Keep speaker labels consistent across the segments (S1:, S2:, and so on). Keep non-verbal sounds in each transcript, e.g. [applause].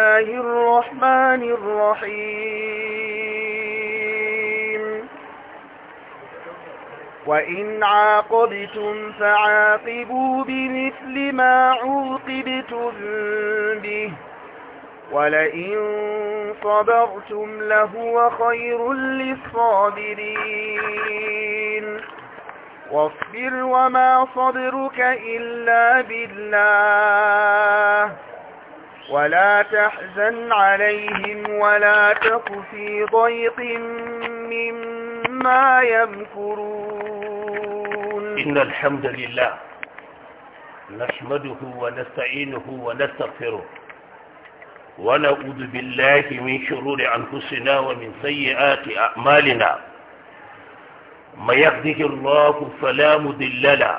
S1: الله الرحمن الرحيم وإن عاقبتم فعاقبوا بمثل ما عوقبتم به ولئن صبرتم لهو خير للصابرين واصبر وما صبرك إلا بالله ولا تحزن عليهم ولا تك في ضيق مما يمكرون إن
S2: الحمد لله نحمده ونستعينه ونستغفره ونعوذ بالله من شرور أنفسنا ومن سيئات أعمالنا ما يهده الله فلا مضل له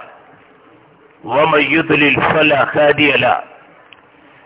S2: ومن يضلل فلا هادي له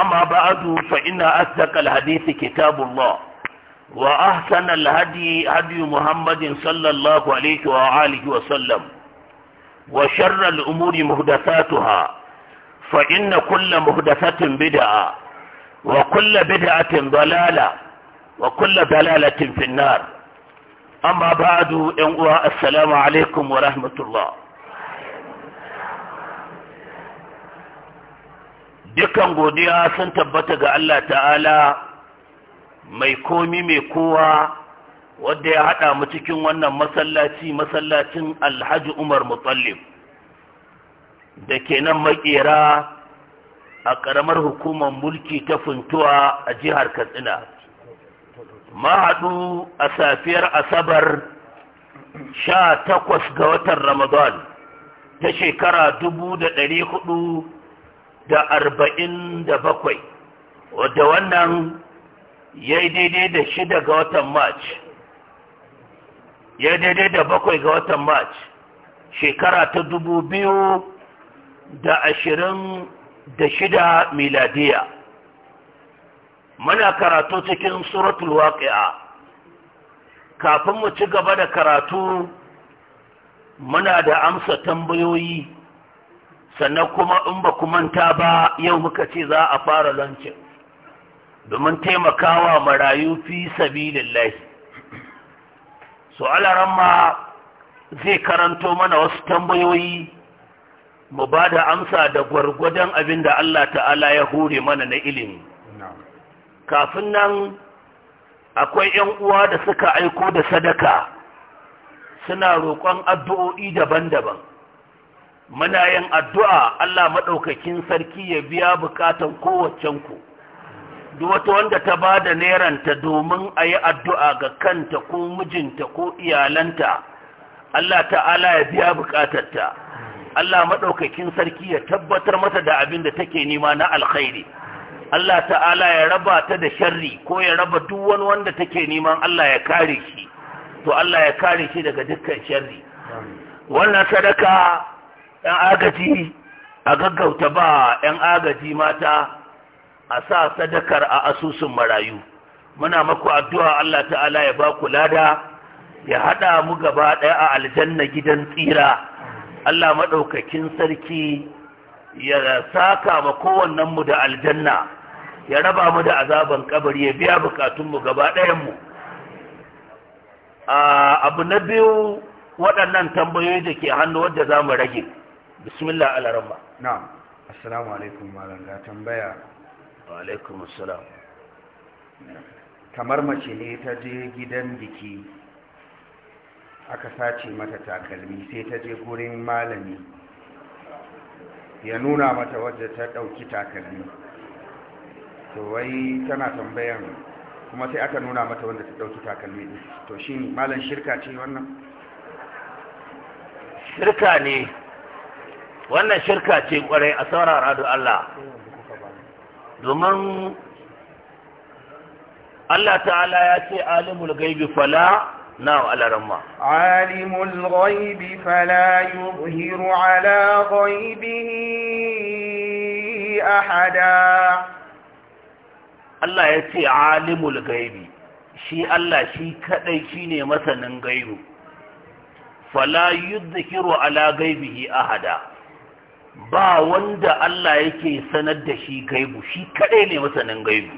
S2: أما بعد فإن أصدق الحديث كتاب الله وأحسن الهدي هدي محمد صلى الله عليه وآله وسلم وشر الأمور مهدثاتها فإن كل مهدثة بدعة وكل بدعة ضلالة وكل ضلالة في النار أما بعد السلام عليكم ورحمة الله dukan godiya sun tabbata ga Allah ta'ala mai komi mai kowa wadda ya haɗa mu cikin wannan masallaci masallacin alhaji umar mutsallim da kenan nan makera a ƙaramar hukumar mulki ta funtuwa a jihar katsina mahaɗu a safiyar asabar sha takwas ga watan ramadan ta shekara dubu da ɗari hudu da arba'in da bakwai wadda wannan ya yi daidai da shida ga watan march ya yi daidai da bakwai ga watan march shekara ta dubu biyu da ashirin da shida miladiya muna karatu cikin suratul waƙi'a kafin mu ci gaba da karatu muna da amsa tambayoyi sannan kuma in ba ku manta ba yau muka ce za a fara lancin domin taimakawa marayu fi sabilillahi so ma zai karanto mana wasu tambayoyi mu ba da amsa da gwargwadon abin da Allah ta'ala ya hure mana na ilimi kafin nan akwai 'yan uwa da suka aiko da sadaka suna roƙon addu'o'i daban-daban muna yin addu'a Allah maɗaukakin sarki ya biya bukatan kowaccen ku duk wata wanda ta ba da neranta domin a yi addu'a ga kanta ko mijinta ko iyalanta Allah ta'ala ya biya bukatarta Allah maɗaukakin sarki ya tabbatar mata da abin da take nema na alkhairi Allah ta'ala ya raba ta da sharri ko ya raba duk wani wanda take neman Allah ya kare shi to Allah ya kare shi daga dukkan sharri wannan sadaka
S3: 'yan agaji
S2: a gaggauta ba 'yan agaji mata a sa sadakar a asusun marayu muna maku addu'a Allah ta'ala ya ba ku lada ya haɗa mu gaba ɗaya a aljanna gidan tsira Allah maɗaukakin sarki ya saka ma kowannen mu da aljanna ya raba mu da azaban kabari ya biya bukatun mu gaba ɗayan mu ah, abu na biyu waɗannan tambayoyi da ke hannu wadda
S3: za mu rage bismillah ala na'am assalamu alaikum malam ga tambaya wa alaikum assalam kamar mace ne ta je gidan biki aka sace mata takalmi sai ta je gurin malami ya nuna mata wadda ta ɗauki takalmi to wai tana tambayan kuma sai aka nuna mata wanda ta ɗauki takalmi to shi malam shirka ce wannan shirka ne wannan shirka ce kwarai a saurara da Allah
S2: domin Allah ta'ala ya ce alimul gaibi fala na alaramma
S1: alimul gaibi fala yuzhiru ala gaibihi ahada
S2: Allah ya ce alimul gaibi shi Allah shi kadai shine masanin gaibu fala yuzhiru ala gaibihi ahada ba wanda Allah yake sanar da shi gaibu shi kaɗai ne masanin gaibu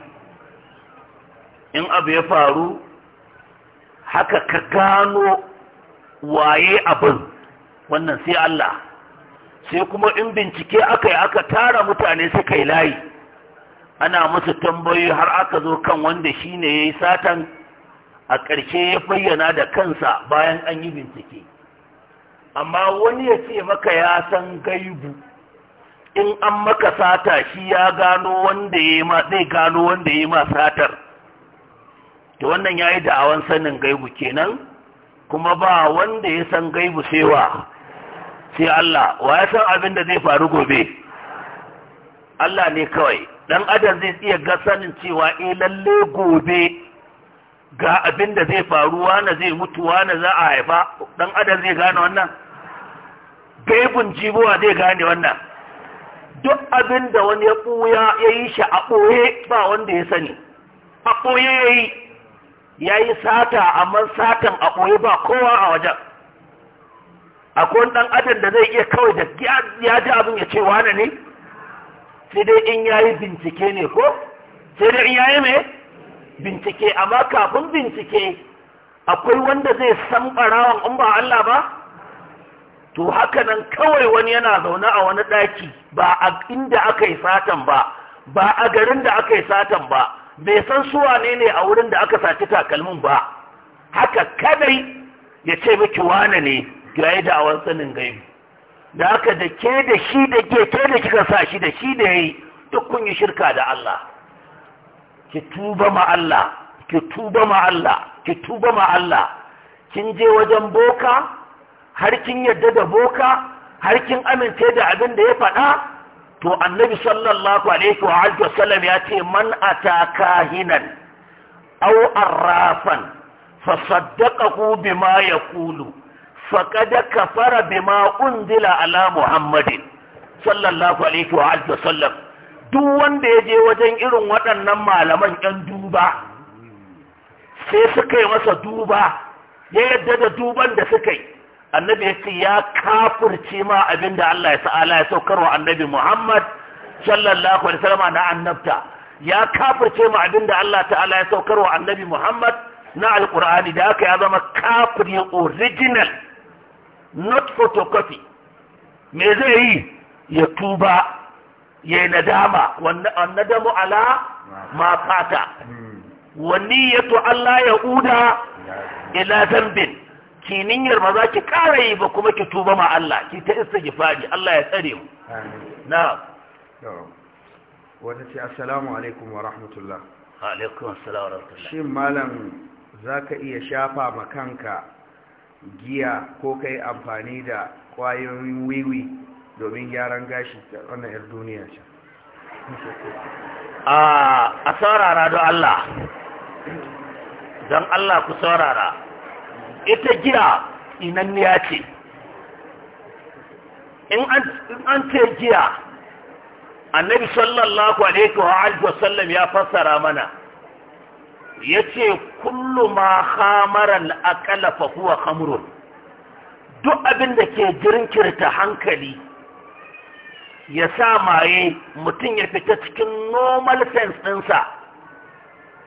S2: in abu ya faru haka ka gano waye abin wannan sai Allah sai kuma in bincike aka yi aka tara mutane suka yi layi ana musu tambayoyi har aka zo kan wanda shi ne ya yi satan a ƙarshe ya bayyana da kansa bayan an yi bincike amma wani ya ce maka ya san gaibu in an maka sata shi ya gano wanda ya ma zai gano wanda ya ma satar to wannan ya yi da'awan sanin gaibu kenan kuma ba wanda ya san gaibu sewa sai Allah wa ya san abin da zai faru gobe Allah ne kawai dan adam zai iya ga sanin cewa eh lalle gobe ga abin da zai faru wani zai mutu wani za a haifa dan adam zai gane wannan gaibun jibowa zai gane wannan duk abin da wani ya ɓuya ya yi shi a ɓoye ba wanda ya sani a ɓoye ya yi ya yi sata amma satan a ɓoye ba kowa a wajen a kowane ɗan adam da zai iya kawai da ya ji abin ya ce wane ne sai dai in ya yi bincike ne ko sai dai in ya yi mai bincike amma kafin bincike akwai wanda zai san ɓarawan in ba Allah ba to haka nan kawai wani yana zaune a wani ɗaki ba a inda aka yi satan ba ba a garin da aka yi satan ba bai san suwa ne ne a wurin da aka saci takalmin ba haka kadai ya ce miki wane ne ga yi awan sanin gai da haka da ke da shi da ke ke da kika sa shi da shi da ya yi duk kun yi shirka da Allah ki tuba ma Allah ki tuba ma Allah ki tuba ma Allah kin je wajen boka har kin yadda da boka har kin amince da abin da ya faɗa to annabi sallallahu alaihi wa alihi wasallam ya ce man ata kahinan aw arrafan fa saddaqahu bima yaqulu faqad kafara bima unzila ala muhammadin sallallahu alaihi wa alihi wasallam duk wanda ya je wajen irin waɗannan malaman ɗan duba sai suka yi masa duba ya yadda da duban da suka yi annabi ya ce ya kafirce ma abinda Allah ya ta'ala ya saukar wa annabi Muhammad sallallahu alaihi wasallam na annabta ya kafirce ma abinda Allah ta'ala ya saukar wa annabi Muhammad na alqur'ani da haka ya zama kafiri original not photocopy me zai yi ya tuba ya nadama wannan nadamu ala ma fata hmm. wani yato Allah ya uda ila zambin ki niyyar ba za ki kara yi ba kuma ki tuba ma Allah ki
S3: ta fadi Allah ya tsare mu Na. wata ce assalamu alaikum wa rahmatullah alaikum assalamu wa rahmatullah shin malam za ka iya shafa ma kanka giya ko kai amfani da kwayoyin wiwi domin gyaran gashi ta wannan yar duniya ce
S2: ah, a saurara don Allah
S3: don Allah ku
S2: saurara ita giya inanniya ce in an ce giya annabi sallallahu alaihi wa sallam ya fassara mana ya ce kullu ma hamaran akala fa huwa duk abin da ke jirkirta hankali ya sa maye mutum ya fita cikin normal sense ɗinsa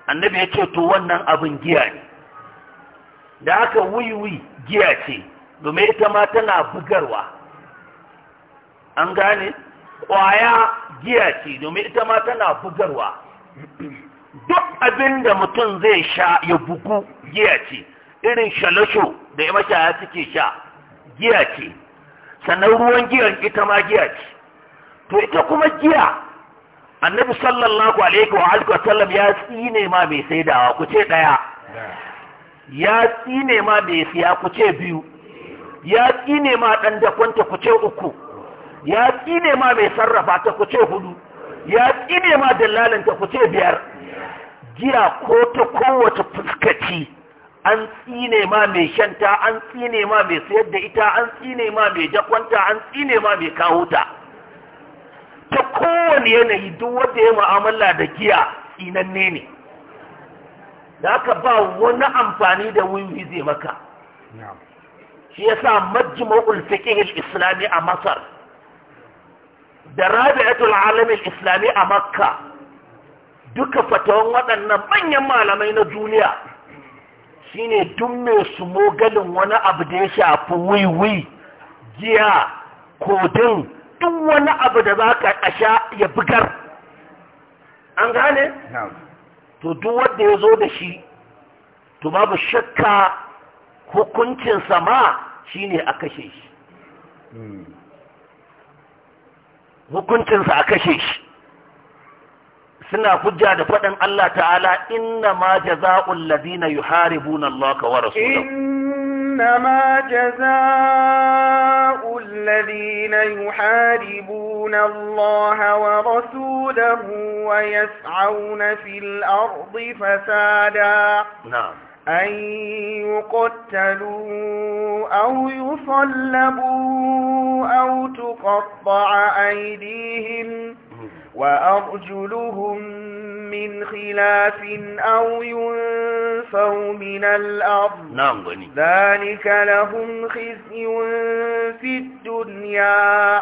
S2: annabi ya ce to wannan abin giya ne da wuyi wiwi giya ce domin ita ma tana bugarwa an gane ƙwaya giya ce domin ita ma tana bugarwa duk abin da mutum zai sha ya bugu giya ce irin shalasho da ya mashaya suke sha giya ce sannan ruwan giyan ita ma giya ce to ita kuma giya annabi sallallahu alaihi wa sallam ya tsine ma mai saidawa ku ce ɗaya ya tsine ma mai siya ku ce biyu ya tsine ma ɗan dakwanta ku ce uku ya tsine ma mai sarrafa ta ku ce hudu ya tsine ma dallalanta ku ce biyar giya ko ta kowace fuskaci an tsine ma mai shanta an tsine ma mai sayar da ita an tsine ma mai dakwanta an tsine ma mai kawo ta ta kowane yanayi duk wanda ya mu'amala da giya tsinanne ne da aka ba wani amfani da wiwi zai maka shi ya sa majmu'ul fiqh islami a masar da rabi'atul alamin islami a makka duka fatawan waɗannan manyan malamai na duniya shine duk mai su mogalin wani abu da ya shafi wiwi giya kodin duk wani abu da za ka ƙasha ya bugar an gane? to duk wanda ya zo da shi to babu shakka hukuncin sama shine a kashe shi hukuncinsa a kashe shi suna hujja da faɗin Allah ta'ala inna ma jaza'ul ladina yuharibuna Allah wa rasulahu
S1: إنما جزاء الذين يحاربون الله ورسوله ويسعون في الأرض فسادا نعم أن يقتلوا أو يصلبوا أو تقطع أيديهم وأرجلهم من خلاف أو ينفوا من الأرض نعم غني ذلك لهم خزي في الدنيا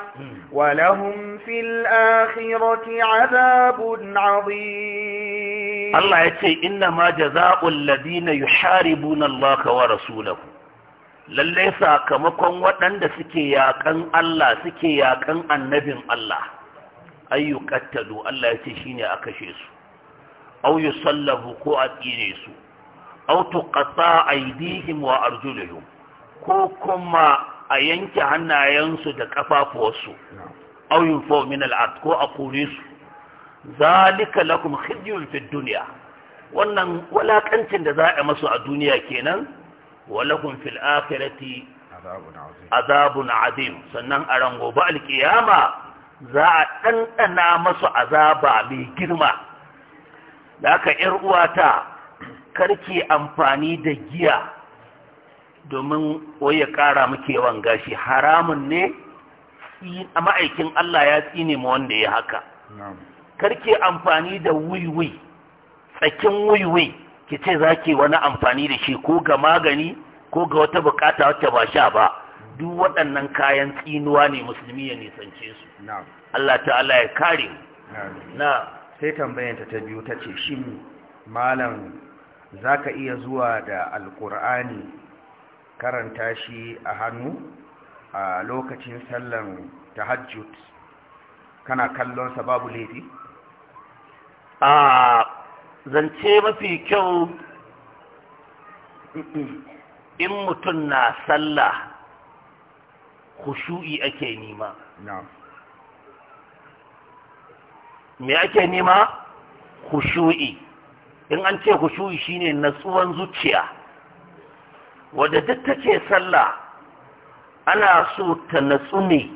S1: ولهم في الآخرة عذاب عظيم
S2: الله يتي إنما جزاء الذين يحاربون الله ورسوله lallai sakamakon waɗanda suke yaƙan Allah suke yaƙan annabin Allah ay yuqattalu Allah shi shine a kashe su aw yusallabu ko a tsire su a yi aydihim wa arjuluhum ko kuma a yanke hannayensu da kafafuwarsu aw yunfaw min al ko a kore su zalika lakum khizyun fi dunya wannan walakancin da za a masu a duniya kenan walakum fil akhirati azabun azim sannan a rango ba alkiyama za a ɗanɗana masu azaba mai girma da aka ‘yar uwata karki amfani da giya domin waye ƙara muke shi, haramun ne a ma'aikin Allah ya tsine ma wanda ya haka karki amfani da wuiwui, tsakin wuiwui ki ce za ki wani amfani da shi ko ga magani ko ga wata bukata wata ba sha ba duk waɗannan kayan tsinuwa
S3: ne musulmi ya nisance su Allah ta'ala ya kare na sai tambayanta ta biyu ta ce shi malam za ka iya zuwa da alkur'ani karanta shi a hannu a lokacin sallan tahajjud kana kallonsa babu laifi?
S2: a
S3: zance mafi kyau
S2: [clears throat] in mutum na sallah Kushu'i ake nema me ake nema khushu'i in an ce khushu'i shine natsuwan zuciya wadda duk take sallah ana so ta natsu ne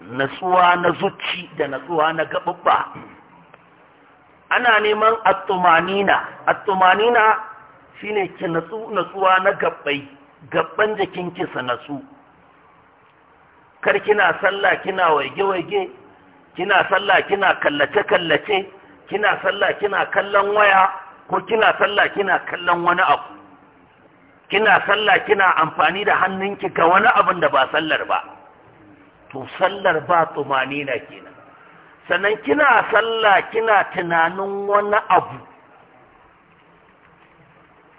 S2: natsuwa na zuci da natsuwa na gaɓaɓɓa ana neman attumanina attumanina shine ki natsuwa na gaɓɓai gaɓɓan jikin kisa natsu kar kina sallah kina waige-waige kina sallah kina kallace-kallace kina sallah kina kallon waya ko kina sallah kina kallon wani abu kina sallah kina amfani da hannunki ga wani abin da ba sallar ba to sallar ba tsumanina kenan sannan kina sallah kina tunanin wani abu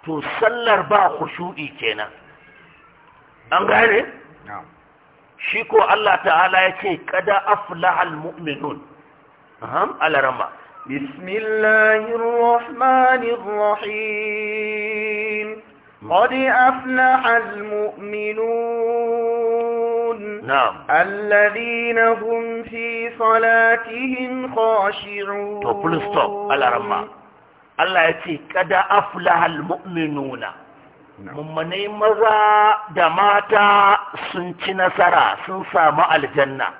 S2: to sallar ba khushu'i kenan an gane na'am شيكو الله تعالى يكي كدا أفلح المؤمنون أهم على رما
S1: بسم الله الرحمن الرحيم قد أفلح المؤمنون نعم الذين هم في صلاتهم خاشعون توبل ستوب على رما الله يكي كدا أفلح
S2: المؤمنون mummanai maza da mata sun ci nasara sun samu aljanna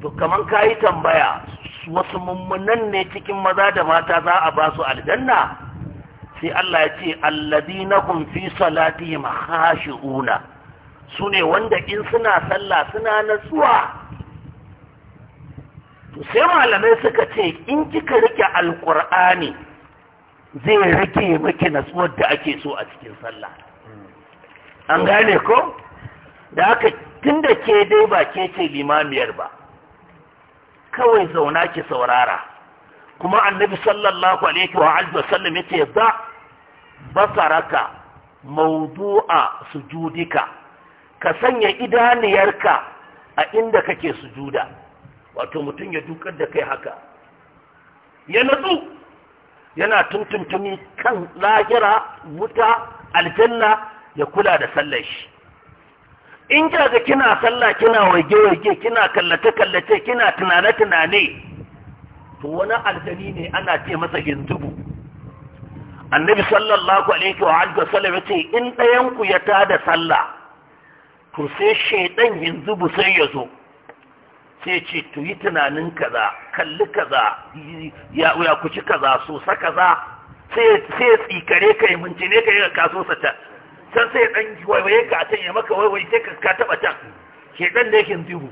S2: to ka yi tambaya wasu mummunan ne cikin maza da mata za a ba su aljanna sai Allah ya ce alladina hum fi una Su ne wanda in suna sallah suna natsuwa to sai malamai suka ce in kika rike alkur'ani zai rage maki nasuwar da ake so a cikin sallah an gane ko da aka tun da ke dai ba ke ce limamiyar ba kawai zauna ki saurara kuma annabi sallallahu alaihi wa alihi wa sallam yace za basaraka mawdu'a sujudika ka sanya idaniyarka a inda kake sujuda wato mutum ya dukar da kai haka ya natsu yana tuntuntuni kan lahira wuta aljanna ya kula da sallar shi in ga kina sallah kina waige-waige kina kallace-kallace kina tunane-tunane to wani aljani ne ana ce masa gindubu annabi sallallahu alaihi wa alihi wasallam yace in ɗayan ku ya tada sallah to sai shaidan gindubu sai ya zo sai ce to yi tunanin kaza kalli kaza ya ya kuci kaza so sa kaza sai sai tsikare kai mintine kai ka so sa ta san sai dan waiwaye ka ta ya maka waiwaye sai ka ka taba ta ke dan da yake dubu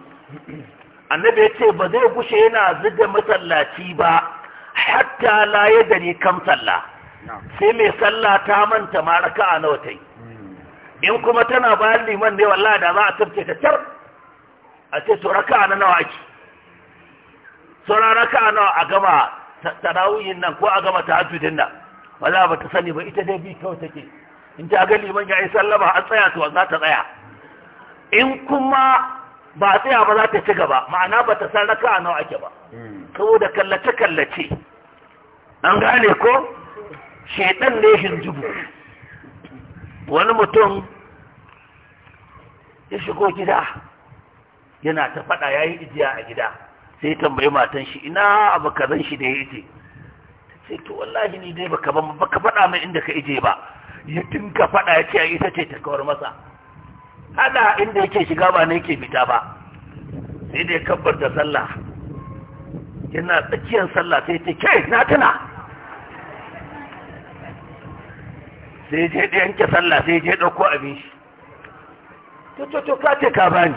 S2: [clears throat] annabi ya ce ba zai gushe yana zuga masallaci ba hatta la ya dare kam sallah sai mai sallah ta manta maraka a nawa tai hmm. in kuma tana bayan liman ne wallahi da za a tafke ta tar a ce raka na nawa ake sauran raka nawa a gama tarawihin nan ko a gama tahajjudin nan wala ba ta sani ba ita dai bi kawai take in ta ga liman ya yi sallama an tsaya to za ta tsaya in kuma ba tsaya ba za ta ci gaba ma'ana ba ta san raka nawa ake ba saboda kallace kallace an gane ko shaidan ne hinjibu wani mutum ya shigo gida yana ta faɗa ya yi ijiya a gida sai tambayi matan shi ina abu zan shi da ya ce sai to wallahi ni dai baka baka faɗa mai inda ka ije ba ya tinka faɗa ya ce ita ce ta kawar masa hada inda yake shiga ba ne yake fita ba sai dai kabbar da sallah yana tsakiyar sallah sai ce ke na tuna sai je da yanke sallah sai je ɗauko abin shi to to to ka ce ka bani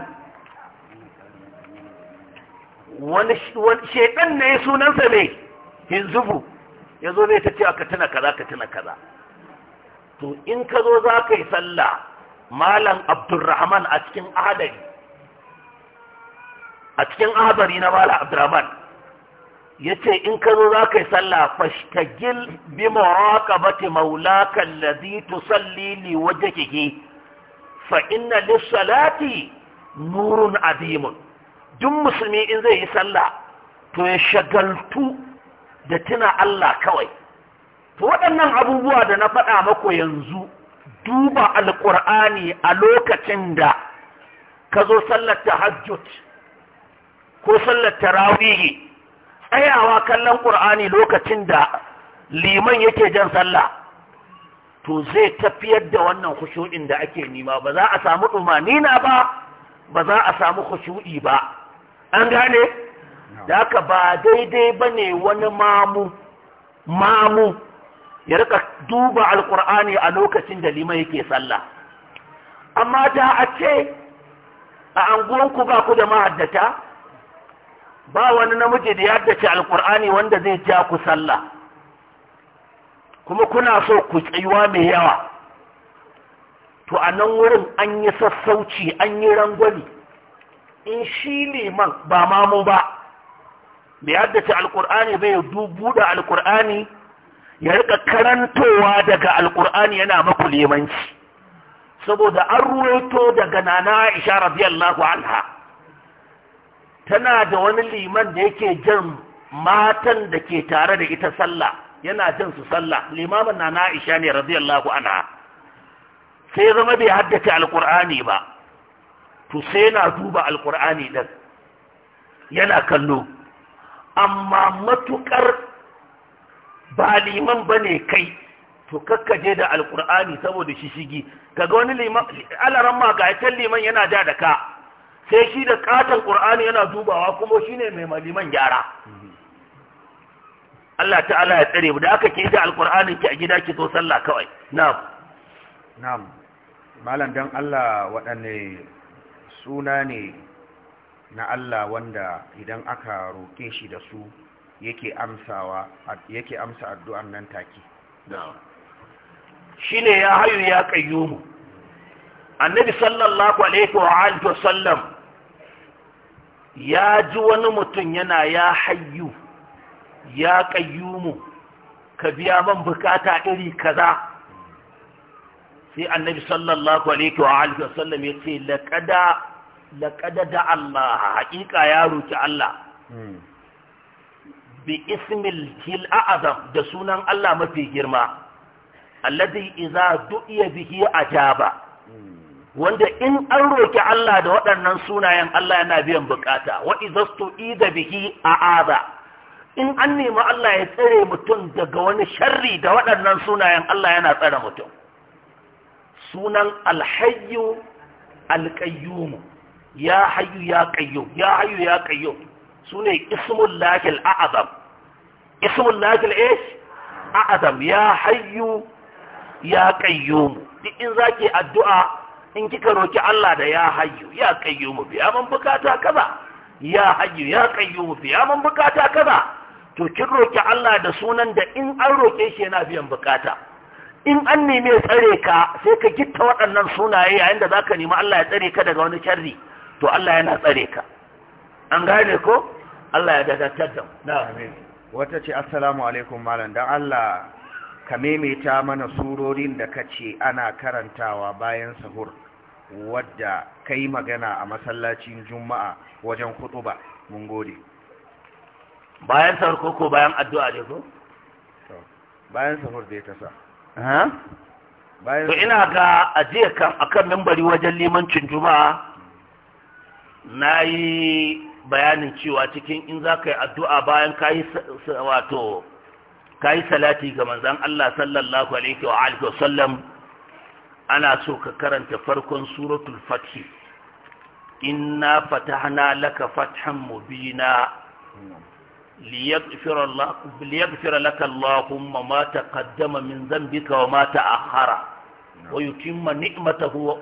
S2: wani shekan ne sunansa ne hinzubu ya zo zai ta ce aka tuna kaza ka tuna kaza to in ka zo za ka yi sallah malam abdurrahman a cikin adari a cikin ahadari na malam abdurrahman ya ce in ka zo za ka yi sallah fashtagil bi muraqabati maulaka allazi tusalli li wajhihi fa inna lis-salati nurun azimun. duk musulmi in zai yi sallah to ya shagaltu da tuna Allah kawai to waɗannan abubuwa da na faɗa mako yanzu duba alƙur'ani a lokacin da ka zo sallar tahajjud ko sallar tarawihi tsayawa kallon ƙur'ani lokacin da liman yake jan sallah to zai tafiyar da wannan khushu'in da ake nima ba za a samu ɗumanina ba ba za a samu khushu'i ba an gane da haka ba daidai ba ne wani mamu mamu ya rika duba alkur'ani a lokacin da lima yake sallah amma da a ce a anguwanku ba ku da mahaddata ba wani namiji da ya haddace alkur'ani wanda zai ja ku sallah kuma kuna so ku tsayuwa mai yawa to a nan wurin an yi sassauci an yi rangwani in shi liman ba mamu ba bai haddace alkur'ani bai dubu da alkur'ani ya rika karantowa daga alkur'ani yana maku limanci saboda an ruwaito daga nana aisha radiyallahu anha tana da wani liman da yake jan matan da ke tare da ita sallah yana jan su sallah limamin nana aisha ne radiyallahu anha sai zama bai haddace alkur'ani ba to sai yana duba alkur'ani ɗin yana kallo amma matukar ba liman ba kai to kakkaje da alkur'ani saboda shishigi kaga wani liman alaran magayatan liman yana ja da ka sai shi da katon ƙur'ani yana dubawa kuma shi ne mai maliman gyara Allah ta'ala ya tsare da aka ke da alƙur'anin ki a gida ki zo sallah kawai na'am
S3: na'am malam dan Allah waɗanne suna ne na Allah wanda idan aka roƙe shi da su yake amsawa yake amsa addu'an nan take
S2: shine ya hayu ya kayyumu annabi sallallahu alaihi wa alihi wasallam ya ji wani mutum yana ya hayyu ya kayyumu ka biya man bukata iri kaza sai annabi sallallahu alaihi wa alihi wasallam ya ce laqada Lakada da Allah haƙiƙa ya roƙi Allah bi ismil da sunan Allah mafi girma alladhi idza du'iya bihi ajaba wanda in an roƙi Allah da waɗannan sunayen Allah yana biyan bukata wa idza stu'ida bihi a'aza in an nemi Allah ya tsare mutum daga wani sharri da waɗannan sunayen Allah yana tsare mutum sunan alhayyu alqayyum ya hayu ya kayyum ya hayu ya kayyum sune ismul lakil a'zam ismul lakil ish a'zam ya hayu ya kayyum. duk in zaki addu'a in kika roki Allah da ya hayu ya qayyum biya man bukata kaza ya hayu ya qayyum biya man bukata kaza to kin roki Allah da sunan da in an roke shi yana biyan bukata in an neme tsare ka sai ka gitta waɗannan sunaye yayin da za ka nemi Allah ya tsare ka daga wani sharri to Allah yana tsare
S3: ka an gane ko Allah ya dakatar da mu amin wata ce assalamu alaikum malam dan Allah ka maimaita mana surorin da kace ana karantawa bayan sahur wadda kai magana a masallacin juma'a wajen kutuba mun gode bayan sahur ko ko bayan addu'a ne ko bayan sahur dai ta tasa ha bayan to ina
S2: ga ajiya kan akan mimbari wajen cin juma'a na yi bayanin cewa cikin in za ka yi addu'a bayan ka yi wato salati ga manzan Allah sallallahu alaihi wa alihi wasallam ana so ka karanta farkon suratul fathi inna fatahna laka fathan mubina liyaghfira laka Allahumma ma taqaddama min dhanbika wa ma ta'akhkhara wa yutimma ni'matahu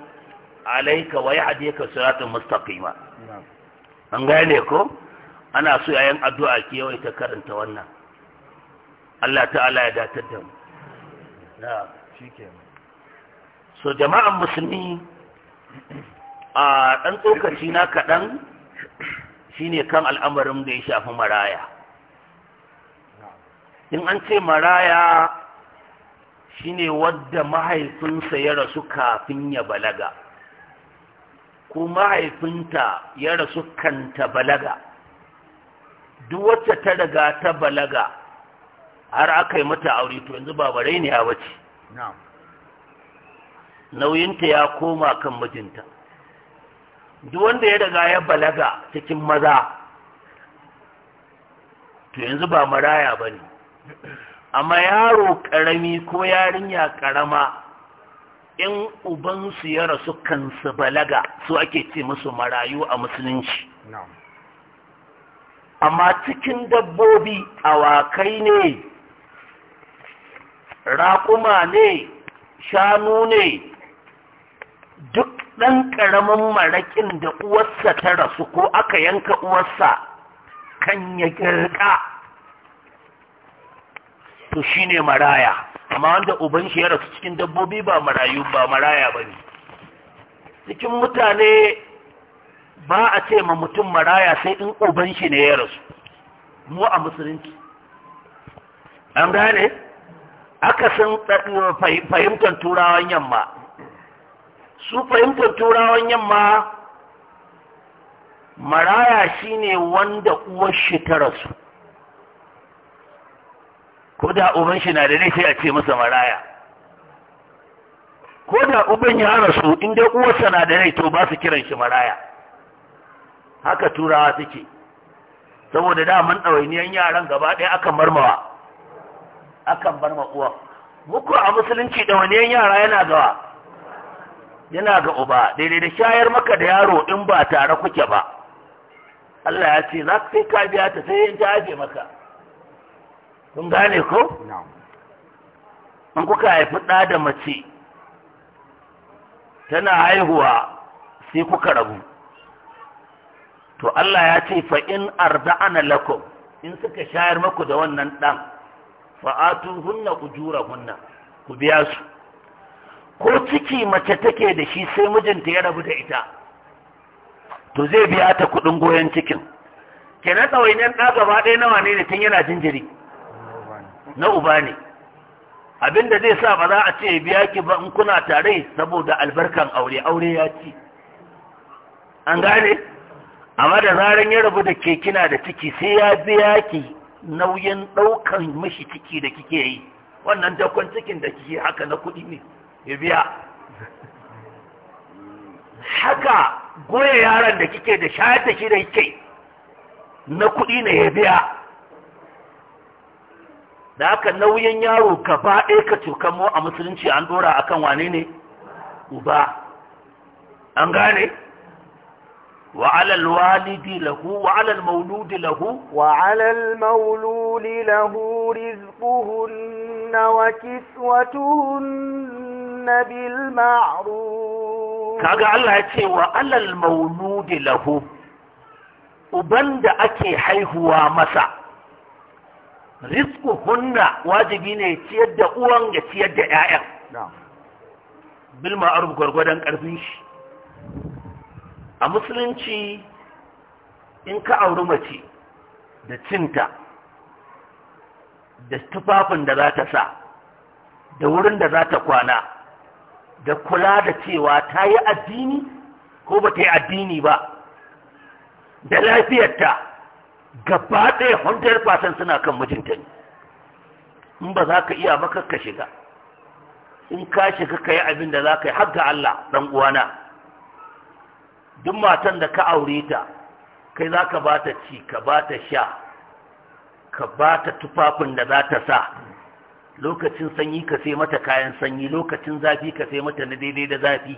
S2: alayka wa yahdika siratan mustaqima an gane ko ana so yayin addu'a ki ta karanta wannan Allah ta'ala ya datar da mu na so jama'an musulmi a ɗan tsokaci na kaɗan shine kan al'amarin da ya shafi maraya in an ce maraya shine wadda mahaifinsa ya rasu kafin ya balaga ko mahaifinta ya rasu kanta balaga duk wacce ta daga ta balaga har aka yi mata aure to yanzu babarai ne ya wace. nauyinta ya koma kan mijinta duk wanda ya daga ya balaga cikin maza to yanzu ba maraya ba ne amma yaro ƙarami ko yarinya ƙarama Yan ubansu ya rasu kansu balaga su ake ce musu marayu a musulunci amma cikin dabbobi awakai ne raƙuma ne shanu ne duk ɗan ƙaramin maraƙin da uwarsa ta rasu ko aka yanka uwarsa kan ya girka to shine maraya amma wanda uban shi ya rasu cikin dabbobi ba marayu ba maraya ba ne cikin mutane ba a ce ma mutum maraya sai in uban shi ne ya rasu mu a musulunci an gane aka san fahimtar turawan yamma su fahimtar turawan yamma maraya shine wanda uwar shi ta rasu ko da uban shi na da ne sai a ce masa maraya ko da uban ya rasu in dai uwarsa na da rai to ba su kiran shi maraya haka turawa suke saboda da, man ɗawainiyan yaran gaba ɗaya akan marmawa akan bar ma uwa muku a musulunci ɗawainiyan yara yana gawa yana ga uba daidai da shayar maka da yaro in ba tare kuke ba Allah ya ce za ka ka biya ta sai in ta aje maka
S3: kun gane ko?
S2: in kuka haifi ɗa da mace tana haihuwa sai kuka rabu to Allah ya ce fa in ana lako, in suka shayar maku da wannan ɗan fa'atu hunna jura hunna ku biya su ko ciki mace take da shi sai mijinta ya rabu da ita to zai biya ta kuɗin goyon cikin kenan ɗawainiyar ɗa gaba ɗaya nawa ne da tun yana jinjiri na uba ne abinda zai sa ba za a ce biya ki ba in kuna tare saboda albarkan aure aure ya ci an gane amma da zaran ya rabu da ke kina da ciki sai ya biya ki nauyin ɗaukan mashi ciki da kike yi wannan dakon cikin da kike haka na kuɗi ne ya biya haka goya yaron da kike da shayar da shi da kike na kuɗi ne ya biya da aka nauyin yaro ka faɗe ka mu a musulunci an dora akan wane ne uba an gane wa alal walidi lahu wa alal mauludi lahu
S1: wa alal mauludi lahu rizquhun wa bil ma'ruf
S2: kaga Allah ya ce wa alal mauludi lahu uban da ake haihuwa masa rizku hunna wajibi ne ciyar da uwan ya ciyar da 'ya'yan bil ma'ruf gwargwadon karfin shi a musulunci in ka auri mace da cinta da tufafin da za ta sa da wurin da za ta kwana da kula da cewa ta yi addini ko ba ta yi addini ba da lafiyarta gaba ɗaya 100% suna kan mijinta ne in ba za ka iya maka ka shiga in ka shiga ka yi abin da za ka yi har ga Allah ɗan uwana duk matan da ka aure ta kai za ka ba ta ci ka ba ta sha ka ba ta tufafin da za ta sa lokacin sanyi ka sai mata kayan sanyi lokacin zafi ka sai mata na daidai da zafi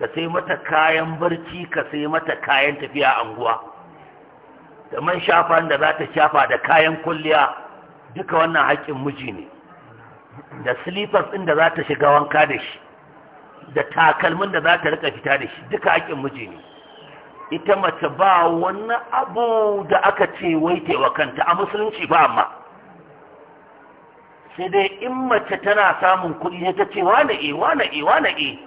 S2: ka sai mata kayan barci ka sai mata kayan tafiya anguwa da man shafa da za ta shafa da kayan kulliya duka wannan haƙƙin miji ne da slippers ɗin da za ta shiga wanka da shi da takalmin da za ta rika fita da shi duka haƙƙin miji ne ita mace ba wani abu da aka ce wai taiwa kanta a musulunci ba amma sai dai in mace tana samun kuɗi ta ce wane e wane e wane e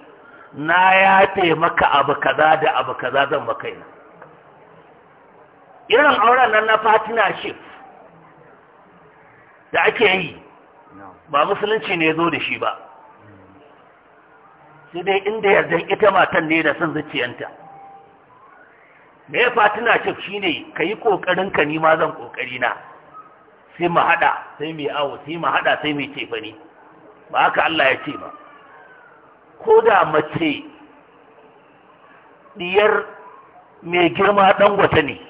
S2: na ya taimaka abu kaza da abu kaza zan makaina irin auren nan na fatina Shif, da ake yi ba musulunci ne zo da shi ba sai dai inda yarda ita matan ne da son zuciyanta me shi ne ka yi ƙoƙarin ka ni zan ƙoƙari na sai mu haɗa sai mu awo sai mu haɗa sai mu cefani ba haka Allah ya ce ba ko da mace ɗiyar mai girma ɗan wata ne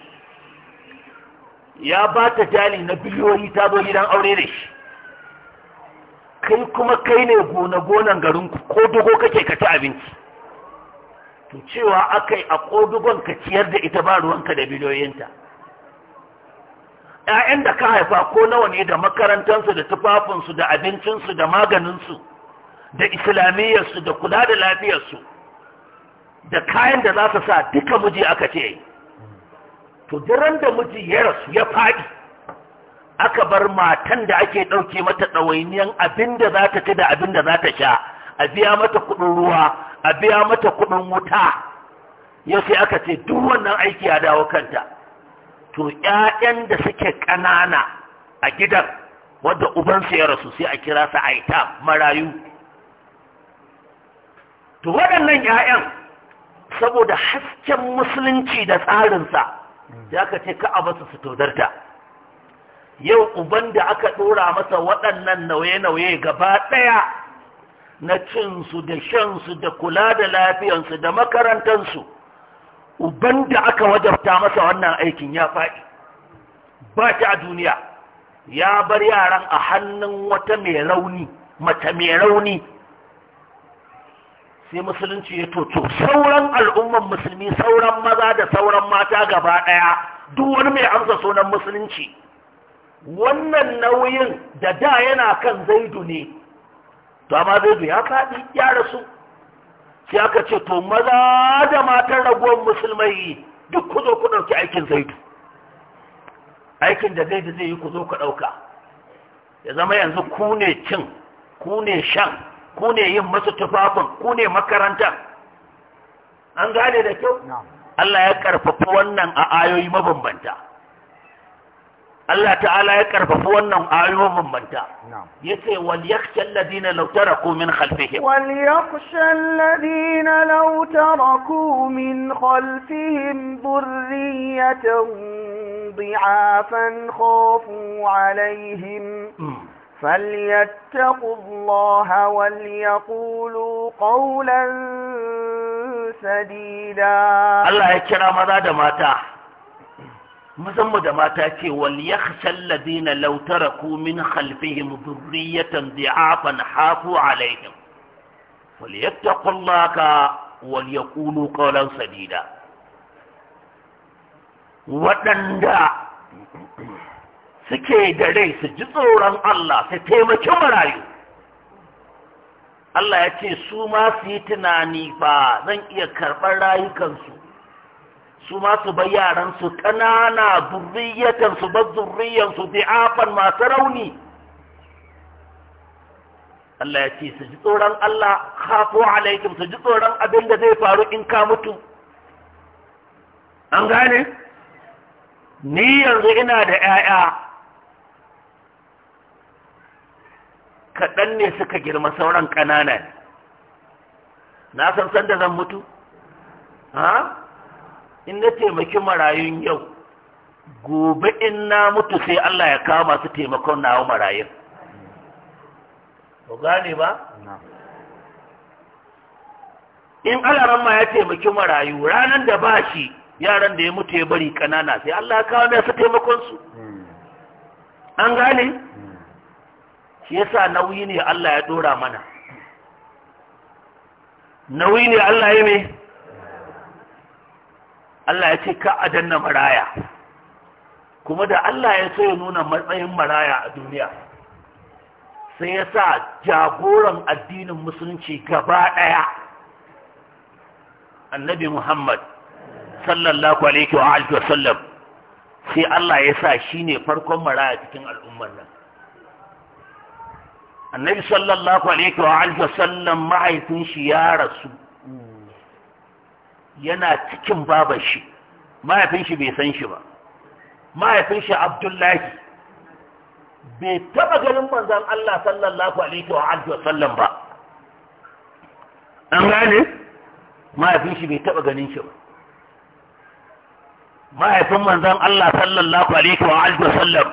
S2: ya ba ta jali na biliyoyi ta zo gidan aure da shi kai kuma kai ne gona-gonan garinku ko dogo kake ka abinci to cewa aka yi a kodugon ka ciyar da ita ba ruwanka da biliyoyinta ‘ya'yan da ka haifa ko nawa ne da makarantarsu da tufafinsu da abincinsu da maganinsu da islamiyyarsu da kula da lafiyarsu da kayan da za su sa duka muji aka ce yi to daren da miji ya rasu ya faɗi aka bar matan da ake ɗauke mata ɗawainiyan abin da za ta ci da abin da za ta sha a biya mata kuɗin ruwa a biya mata kuɗin wuta ya sai aka ce duk wannan aiki ya dawo kanta to ƴaƴan da suke ƙanana a gidan wanda ubansu ya rasu sai a kira su aita marayu to waɗannan ƴaƴan saboda hasken musulunci da tsarinsa ya ka ce ka a basu su todarta yau uban da aka ɗora masa waɗannan nauye-nauye gaba ɗaya na cinsu da shansu da kula da lafiyansu da makarantansu uban da aka wajabta masa wannan aikin ya faɗi ba ta a duniya ya bar yaran a hannun wata mai rauni mace mai rauni sai musulunci ya toto sauran al'umman musulmi sauran maza da sauran mata gaba ɗaya duk wani mai amsa sunan musulunci wannan nauyin da da yana kan zaidu ne to amma zaidu ya faɗi ya rasu sai aka ce to maza da matan raguwar musulmai duk ku zo ku ɗauki aikin zaidu aikin da zaidu zai yi ku zo ku ɗauka ya zama yanzu ku ne cin ku ne shan ku ne yin masu tufafin ku ne makaranta an gane da kyau Allah ya karfafi wannan a ayoyi mabambanta Allah ta'ala ya karfafi wannan ayoyi mabambanta yace wal yakhsha alladhina law taraku min khalfihim wal
S1: yakhsha alladhina law taraku min khalfihim dhurriyatan ضعافا خافوا عليهم فليتقوا الله وليقولوا قولا سديدا الله يكرا ماذا دماتا
S2: مزمو دماتا كي وليخشى الذين لو تركوا من خلفهم ذرية ضعافا حافوا عليهم فليتقوا الله وليقولوا قولا سديدا وَتَنْدَعَ suke da rai su ji tsoron Allah su taimaki marayu Allah ya ce su ma su yi tunani ba zan iya karɓar rayukansu su ma su bai yaransu ƙanana zurriyatansu ba zurriyansu bi'afan masu rauni Allah ya ce su ji tsoron Allah kafo alaikum su ji tsoron abin da zai faru in ka mutu an gane ni yanzu ina da 'ya'ya kaɗan ne suka girma sauran ƙanana ne na san sanda zan mutu ha in na taimaki marayun yau gobe in na mutu sai Allah ya kawo masu taimakon nawa marayun ku gane ba
S3: in ma ya
S2: taimaki marayu ranar da ba shi yaran da ya mutu ya bari ƙanana sai Allah ya kawo masu taimakonsu hmm. an gane yasa nauyi ne Allah ya dora mana nauyi ne Allah ya me Allah ya ce ka adanna maraya kuma da Allah ya so ya nuna matsayin maraya a duniya sai yasa jagoran addinin musulunci gaba ɗaya annabi Muhammad sallallahu alaihi wa alihi sai Allah ya sa shine farkon maraya cikin al'ummar nan annabi sallallahu alaihi wa alihi wasallam mahaifin shi ya rasu yana cikin babar shi mahaifin shi bai san shi ba mahaifin shi abdullahi bai taba ganin manzon Allah sallallahu alaihi wa alihi wasallam ba an gane mahaifin shi bai taba ganin shi ba mahaifin manzon Allah sallallahu alaihi wa alihi wasallam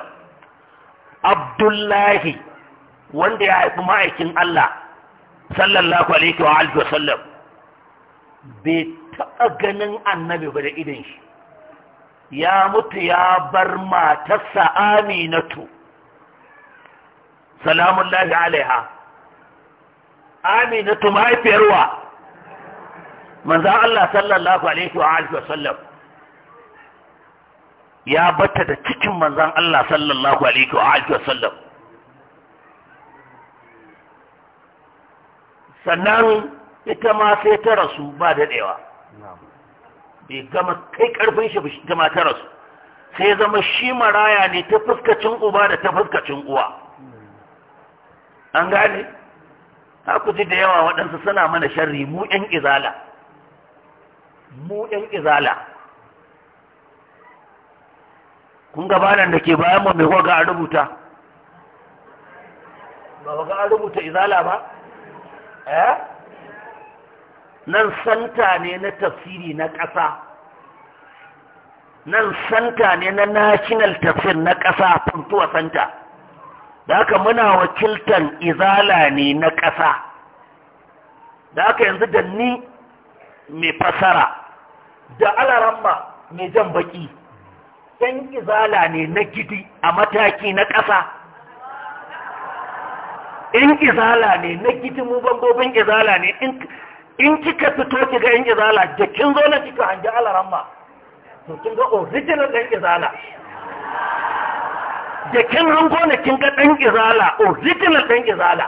S2: abdullahi wanda ya haifi ma'aikin Allah sallallahu alaihi wa alihi wasallam bai taɓa ganin annabi ba da idan shi ya mutu ya bar matarsa aminatu salamun lafi alaiha aminatu mahaifiyarwa manzan Allah sallallahu alaihi wa alihi wasallam ya batta da cikin manzan Allah sallallahu alaihi wa alihi wasallam sannan ita ma sai ta rasu ba daɗewa bai gama kai ƙarfin shi gama ta rasu sai zama shi maraya ne ta fuskacin uba da ta fuskacin uwa an gane ta ku ji da yawa waɗansu suna mana sharri mu ƴan izala mu ƴan izala kun gabanan da ke bayan mu mai waga a rubuta ba waga a rubuta izala ba Eh? nan santa ne na tafsiri na ƙasa nan santa ne na national tafsir na ƙasa puntuwa santa da aka muna wakiltar izala ne na ƙasa da aka yanzu da ni mai fasara da alaramma mai jan baki ɗan izala ne na gidi a mataki na ƙasa in izala ne na mu bangobin izala ne in kika fito ga in izala da kin zo na kika hangi alaran ma to kin ga original ɗan izala da kin hango na kin ga ɗan izala original ɗan izala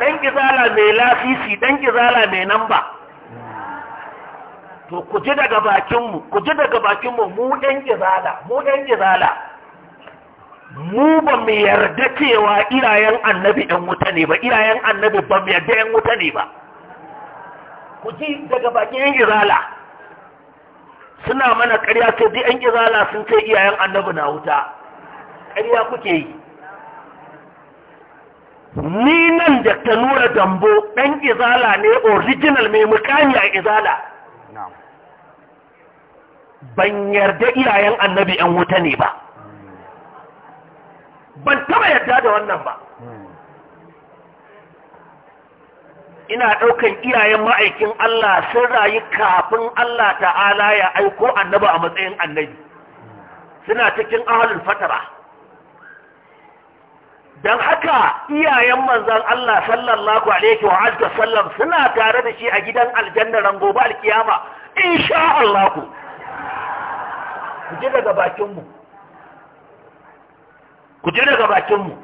S2: ɗan izala mai lafisi ɗan izala mai namba to ku ji daga bakinmu ku ji daga bakinmu mu ɗan izala mu ɗan izala mu ba mu yarda cewa irayen annabi ɗan wuta ne ba irayen annabi ba mu yarda ɗan wuta ne ba ku ji daga bakin izala suna mana ƙarya ce duk ‘yan izala sun ce iyayen annabi na wuta ƙarya kuke yi ni nan da ta nura dambo ɗan izala ne original mai mukami a izala ban yarda irayen annabi ɗan wuta ne ba ban taba yadda da wannan ba ina ɗaukan iyayen ma'aikin Allah sun rayu kafin Allah ta'ala ya aiko annabi a matsayin annabi suna cikin ahalin fatara don haka iyayen manzan Allah sallallahu alaihi wa alihi sallam suna tare da shi a gidan aljanna ran gobe alkiyama insha Allah ku ji daga bakinmu. mu kujira ku je daga bakinmu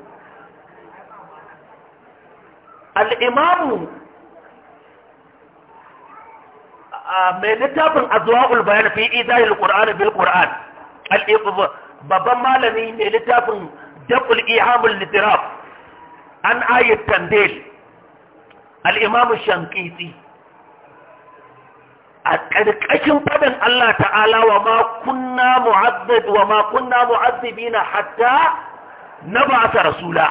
S2: al'imamu mai littafin azwa'ul bayan fi izahil qur'an bil qur'an al ƙura'an baban malami mai littafin dabul ihamul litiraf an ayat tandil al-imam shankiti a ƙarƙashin fadan Allah ta'ala wa ma kunna mu'azzib wa ma kunna mu'azzibina hatta na ba ta rasula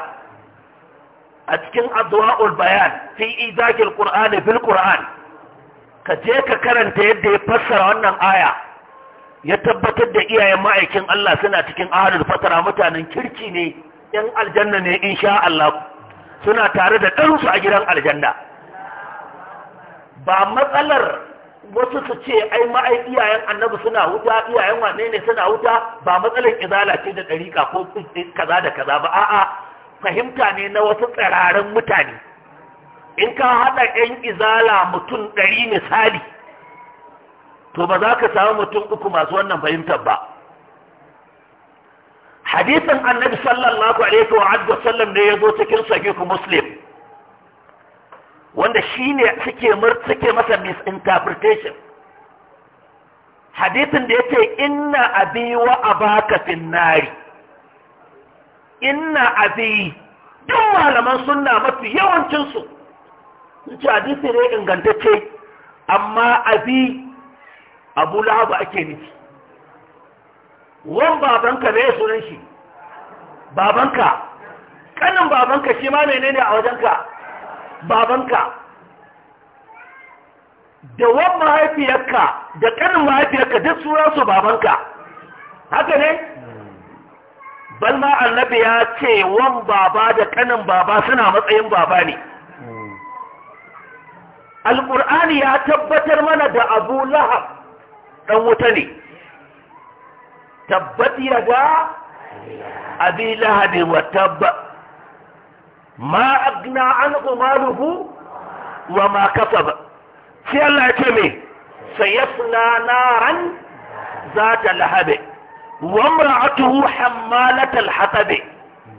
S2: a cikin addu'a'ul bayan fi idakil qur'ani fil qur'an ka je ka karanta yadda ya fassara wannan aya ya tabbatar da iyayen ma'aikin Allah suna cikin ahlul fatara mutanen kirki ne yan aljanna ne insha Allah suna tare da ɗansu a gidan aljanna ba matsalar wasu su ce ai ma ai iyayen annabi suna wuta iyayen wane ne suna wuta ba matsalar izala ce da ɗariƙa ko kaza da kaza ba a'a fahimta ne na wasu tsararren mutane in ka haɗa ƴan izala mutum ɗari misali to ba za ka samu mutum uku masu wannan fahimtar ba hadisin annabi sallallahu alaihi wa sallam ne ya zo cikin sahihu muslim wanda shi ne suke masa misinterpretation hadithin da ya ce inna abi wa abaka finnari inna abi duk malaman sunna mafi yawancinsu sun ce hadisi ne ingantacce amma abi abu labu ake nufi wan babanka ne sunan shi babanka kanin babanka shi ma menene a wajenka babanka da wan mahaifiyarka da kanin mahaifiyarka duk sunansu babanka haka ne balma annabi ya ce wan baba da kanin baba suna matsayin baba ne alƙur'ani ya tabbatar mana da abu lahab ɗan wuta ne tabbat ya ga abi lahabin wa tabbat ma agna an umaruhu wa ma kasaba sai Allah ya ce me sayasla naran zata lahabe wa imra'atuhu hammalat al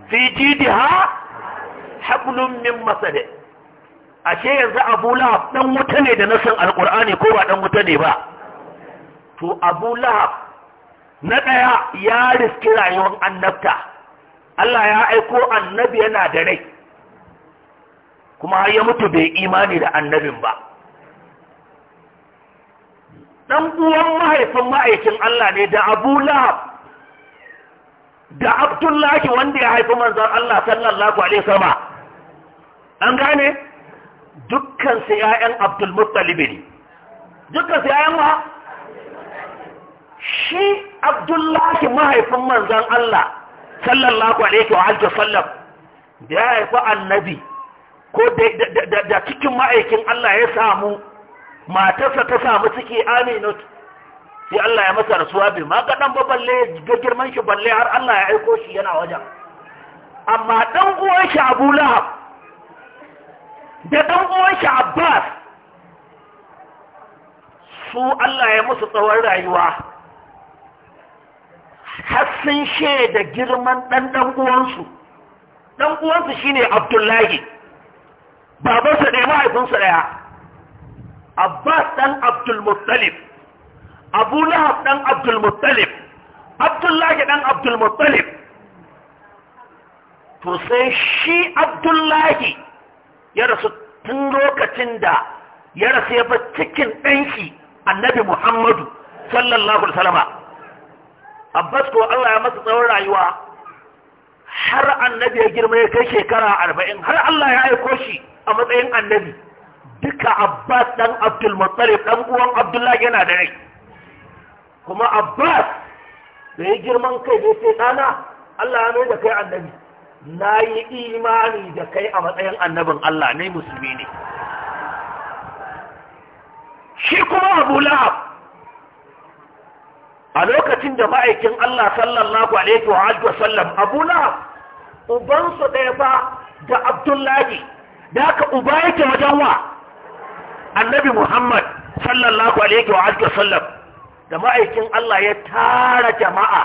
S2: fi jidha hablum min masad ashe yanzu Abu Lahab dan wuta ne da nasan alqur'ani ko ba dan wuta ne ba to Abu Lahab na daya ya riski rayuwar annabta Allah ya aiko annabi yana da rai kuma har ya mutu bai imani da annabin ba dan uwan mahaifin ma'aikin Allah ne da Abu Lahab da Abdullahi wanda ya haifi manzon Allah sallallahu alaihi wasallam an gane dukkan su ƴaƴan Abdul Muttalib ne dukkan su ƴaƴan wa shi Abdullahi mahaifin manzon Allah sallallahu alaihi wa sallam da ya haifi annabi ko da cikin ma'aikin Allah ya samu matarsa ta samu ciki aminut sai Allah ya masa rasuwa bi ma ga dan ba balle ga girman shi balle har Allah ya aiko shi yana wajen amma dan uwan shi Abu Lahab da dan uwan shi Abbas su Allah ya musu tsawon rayuwa har sun shaida girman dan dan uwansu dan uwansu shine Abdullahi babansa ɗaya mahaifinsa ɗaya abbas ɗan abdulmuttalib abu lahab ɗan abdulmuttalib abdullahi ɗan abdulmuttalib to sai shi abdullahi ya rasu tun lokacin da ya rasu ya bar cikin ɗanki annabi muhammadu sallallahu alaihi wasallama abbas ko allah ya masa tsawon rayuwa har annabi ya girma ya kai shekara arba'in har Allah ya aiko shi a matsayin annabi duka Abbas ɗan matsalif ɗan uwan Abdullahi yana da rai kuma Abbas da ya girman kai da sai ɗana Allah ya mai da kai annabi na yi imani da kai a matsayin annabin Allah ne musulmi ne shi kuma Abu Lahab a lokacin da ma'aikin Allah sallallahu alaihi wa wasallam Abu Lahab su ɗaya ba da Abdullahi da ka uba yake wajen wa annabi Muhammad sallallahu alaihi wa wasallam da ma'aikin Allah ya tara jama'a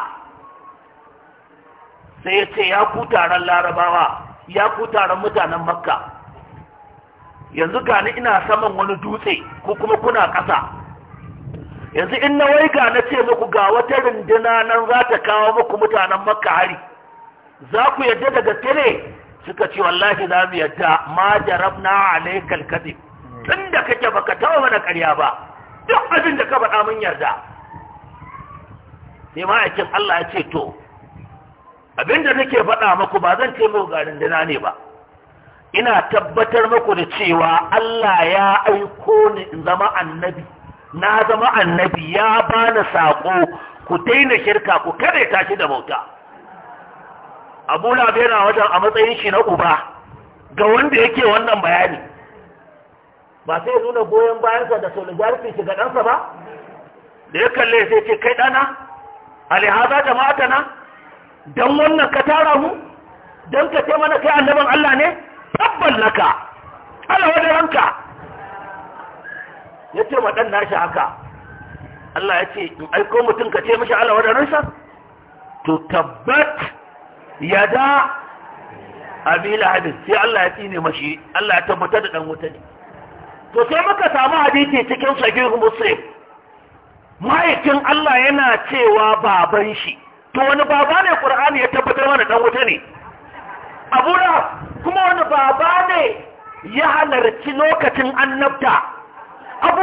S2: sai ya ce ya ku taron larabawa ya ku taron mutanen makka yanzu gani ina saman wani dutse ko kuma kuna ƙasa yanzu in na waiga na ce muku ga wata rundina nan za ta kawo muku mutanen makka hari za ku yadda daga tare suka ce wallahi za mu yadda ma jarabna alaikal kadib tun da kake baka taɓa mana ƙarya ba duk abin da ka faɗa mun yarda sai ma'aikin Allah ya ce to abin da nake faɗa muku ba zan ce muku ga rundina ne ba ina tabbatar muku da cewa Allah ya aiko ni in zama annabi na zama annabi ya bani sako ku daina shirka ku kare ta shi da bauta abu bai na wajen a matsayin shi na uba ga wanda yake wannan bayani ba sai ya nuna goyon bayansa da solidarity shi ga ɗansa ba da ya kalle sai ce kai ɗana alihaza jama'ata na don wannan ka tara mu don ka ce mana kai annaban Allah ne tabbal naka, ala wajen ranka ya ce ma ɗan nashi haka Allah ya ce in aiko mutum ka ce mishi Allah sa to tabbat ya da hadis sai Allah ya tsine mashi Allah ya tabbatar da ɗan wuta ne to sai muka samu hadisi cikin sahih muslim ma'aikin Allah yana cewa baban shi to wani baba ne Qur'ani ya tabbatar mana ɗan wuta ne abura kuma wani baba ne ya halarci lokacin annabta abu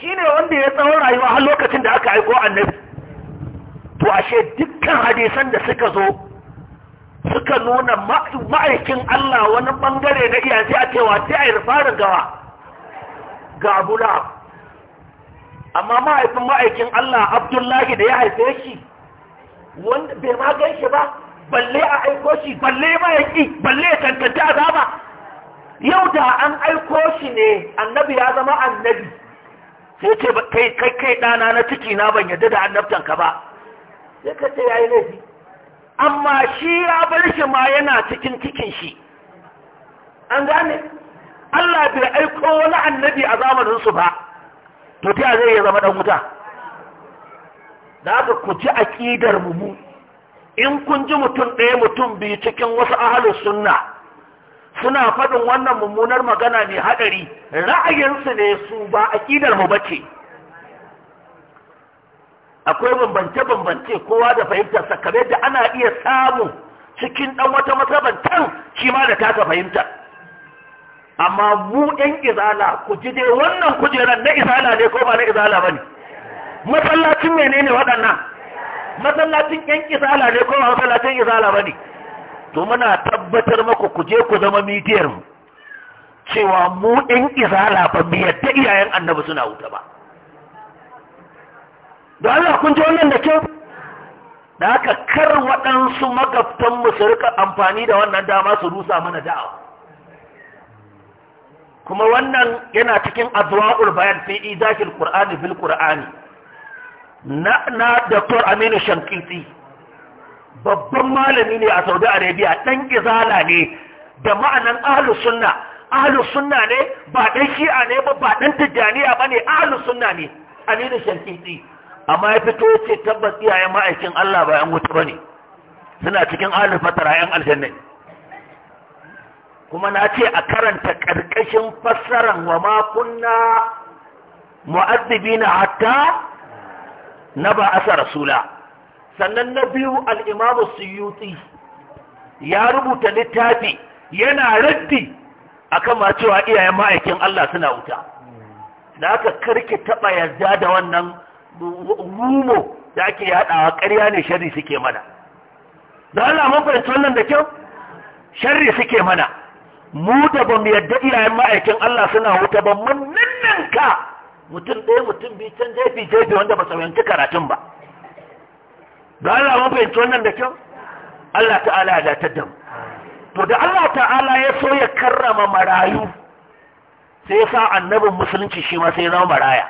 S2: shi ne wanda ya tsawon rayuwa har lokacin da aka aiko annabi to ashe dukkan hadisan da suka zo suka nuna ma'aikin Allah wani bangare na iya ce a cewa sai a yi rufarin gawa ga abu da amma ma'aikin ma'aikin Allah abdullahi da ya haife shi wanda bai ma gan shi ba balle a aiko shi balle ma ya balle ya tantance azaba yau da an aiko shi ne annabi ya zama annabi sai ce kai kai kai dana na ciki na ban yadda da annabtanka ba ya kace yayi laifi amma shi ya bar shi ma yana cikin cikin shi an gane Allah bai aiko wani annabi a zamanin su ba to ta zai ya zama dan wuta da aka ku ji akidar mu in kun ji mutum ɗaya mutum biyu cikin wasu ahlus sunna suna faɗin wannan mummunar magana mai haɗari ra'ayinsu ne su ba a ƙidar mu bace akwai bambance-bambance kowa da fahimtarsa kamar da ana iya samu cikin ɗan wata matsabantan shi ma da taka fahimta amma mu ɗan izala ku ji dai wannan kujeran na izala ne ko ba na izala ba ne masallacin menene waɗannan masallacin ƴan izala ne ko ba masallacin izala ba ne tabbatar maka ku je ku zama midiyar mu cewa mu in izala ba mu yadda iyayen annabi suna wuta ba da Allah kun ji wannan da kyau da haka kar waɗansu magabtanmu su rika amfani da wannan dama su rusa mana da'awa kuma wannan yana cikin adwa'ul bayan fi idakil qur'ani fil qur'ani na na aminu shankiti babban malami ne a saudi arabia dan izala ne da ma'anan ahlus sunna ahlus sunna ne ba dan shi'a ne ba ba dan tijaniya ba ne ahlus sunna ne aminu shankiti amma ya fito ce tabbas iyaye ma'aikin allah ba yan wuta ba ne suna cikin ahlul fatara yan aljanna kuma na ce a karanta ƙarƙashin fassaran wa makunna mu'azzibina hatta na ba asa rasula sannan na biyu al'imamu suyuti ya rubuta littafi yana raddi akan ma cewa iyayen ma'aikin Allah suna wuta da aka karki taɓa yarda da wannan rumo da ake yaɗawa ƙarya ne shari suke mana da Allah mun fahimci wannan da kyau shari suke mana mu da ba mu yarda iyayen ma'aikin Allah suna wuta ba mun ka mutum ɗaya mutum biyu can jefi jefi wanda ba su karatun ba da Allah mun fahimci wannan da kyau Allah ta'ala ya datar da mu to da Allah ta'ala ya so ya karrama marayu sai ya sa annabin musulunci shi ma sai ya zama maraya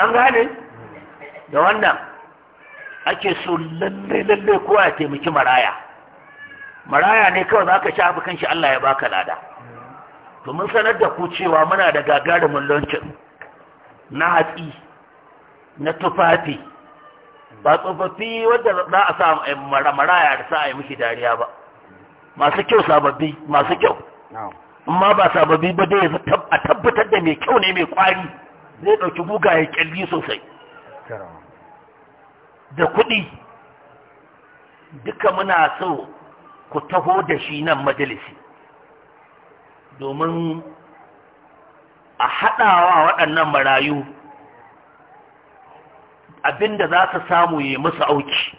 S2: an gane da wannan ake so lalle lalle kowa ya taimaki maraya maraya ne kawai za ka kan shi Allah ya baka lada to mun sanar da ku cewa muna da gagarumin launcin na hatsi na tufafi ba tsofaffi wadda za a sa maraya da sa a yi mishi dariya ba masu kyau sababbi masu kyau amma ba sababbi ba dai a tabbatar da mai kyau ne mai kwari zai ɗauki guga ya kyalli sosai da kuɗi duka muna so ku taho da shi nan majalisi domin a haɗawa waɗannan marayu abinda za su samu yi musu auki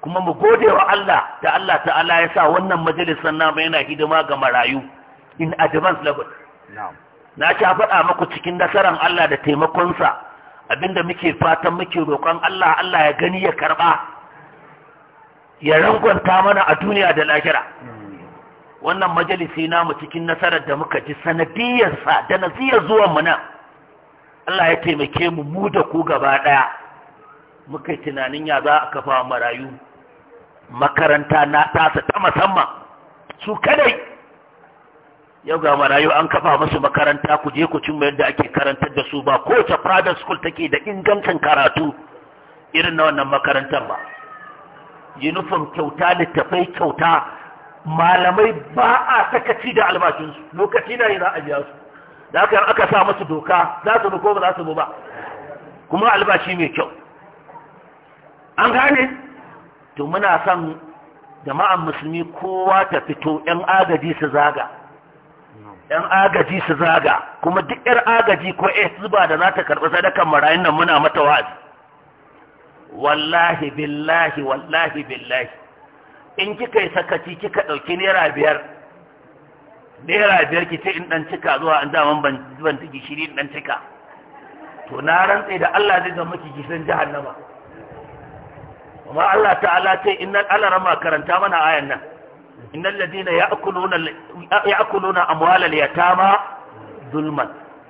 S2: kuma mu gode wa Allah da Allah ta'ala ya sa wannan majalisar namu yana hidima ga marayu in advance level na sha faɗa maku cikin nasarar Allah da taimakonsa abinda muke fatan muke roƙon Allah Allah ya gani ya karɓa ya rangwanta mana a duniya da lahira wannan majalisi namu cikin nasarar da muka ji sanadiyarsa da ziyar zuwan mu nan Allah ya taimake mu mu da ku gaba ɗaya muka tunanin ya za a kafa marayu makaranta na tasa ta musamman su kadai yau ga marayu an kafa musu makaranta ku je ku cimma yadda ake karantar da su ba kowace private school take da ingancin karatu irin na wannan makarantar ba uniform kyauta littafai kyauta malamai ba a sakaci da albashinsu lokaci na yi za a biya su da aka yi aka sa masu doka za su ko ba za su ba kuma albashi mai kyau an gane to muna son jama'an musulmi kowa ta fito 'yan agaji su zaga ‘yan agaji su zaga kuma duk ‘yar agaji ko ya zuba da za ta karɓi sadakan marayun nan muna mata wa'azi wallahi billahi wallahi billahi in kika yi sakaci kika ɗauki naira biyar naira biyar ki ce in dan cika zuwa an daman ban ban tiki shiri in dan cika to na rantsa da Allah zai zama miki gisan jahannama amma Allah ta'ala ce ala rama karanta mana ayan nan innal ladina ya'kuluna ya'kuluna amwalal yatama zulman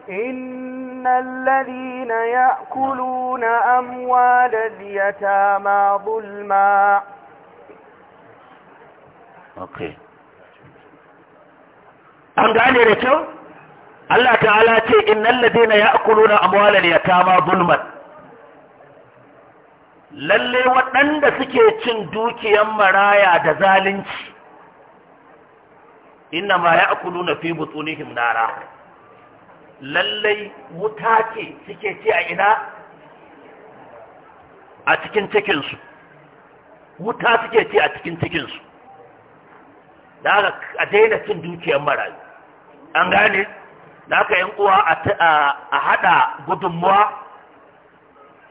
S1: innal ladina ya'kuluna amwalal yatama zulma
S2: okay an gane da kyau Allah ta'ala ce innal ladina ya'kuluna amwalal yatama zulman lalle waɗanda suke cin dukiyan maraya da zalunci inna ma ya'kuluna fi butunihim nara lalle wuta ce suke ci a ina a cikin cikin su wuta suke ci a cikin cikin su da a daina cin dukiyan maraya. an gane da aka yan uwa a hada gudunmuwa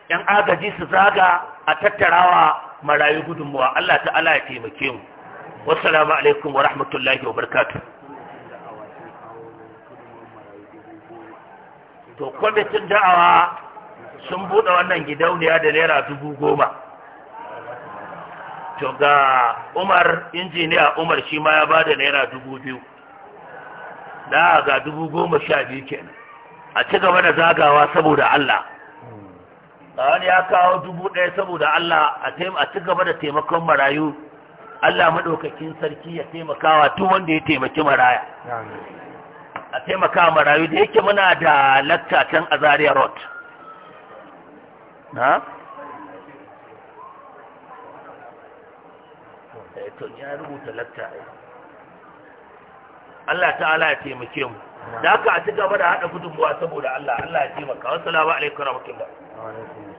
S2: yan agaji su zaga a tattarawa marayu gudunmuwa Allah ta'ala ya taimake mu wassalamu alaikum wa rahmatullahi wa barkatu. to kwamitin da'awa sun buɗe wannan gidauniya da naira dubu goma to ga umar injiniya umar shi ma ya ba da naira dubu biyu da ga dubu goma sha biyu kenan a ci gaba da zagawa saboda Allah a wani ya kawo dubu ɗaya saboda Allah a ci gaba da taimakon marayu Allah maɗaukakin sarki ya taimakawa tun wanda ya taimaki maraya a taimaka marayu da yake muna da lakta can a zaria road na? Eh, ya rubuta lakta eh. Allah ta'ala ya taimake mu da haka a ci gaba da haɗa gudunmuwa saboda Allah Allah ya taimaka wasu alaikum alaikun rahmatullahi